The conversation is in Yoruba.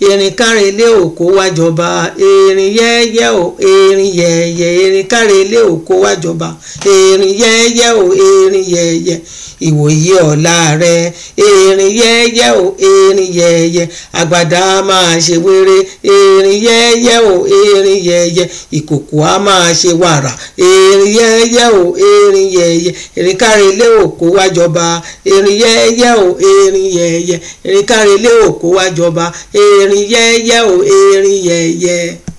erin káre ilé òkó wájọba erin yẹ́yẹ́ o erin yẹ̀yẹ́ erin káre ilé òkó wájọba erin yẹ́yẹ́ o erin yẹ̀yẹ́ ìwòye ọ̀la rẹ erin yẹ́yẹ́ o erin yẹ̀yẹ́ àgbàdá a máa ṣe wéré erin yẹ́yẹ́ o erin yẹ̀yẹ́ ìkòkò a máa ṣe wàrà erin yẹ́yẹ́ o erin yẹ̀yẹ́ erin káre ilé òkó wájọba erin yẹ́yẹ́ o erin yẹ̀yẹ́ erin káre ilé òkó wájọba erin erin yẹ́yẹ́ o erin yẹ́yẹ́.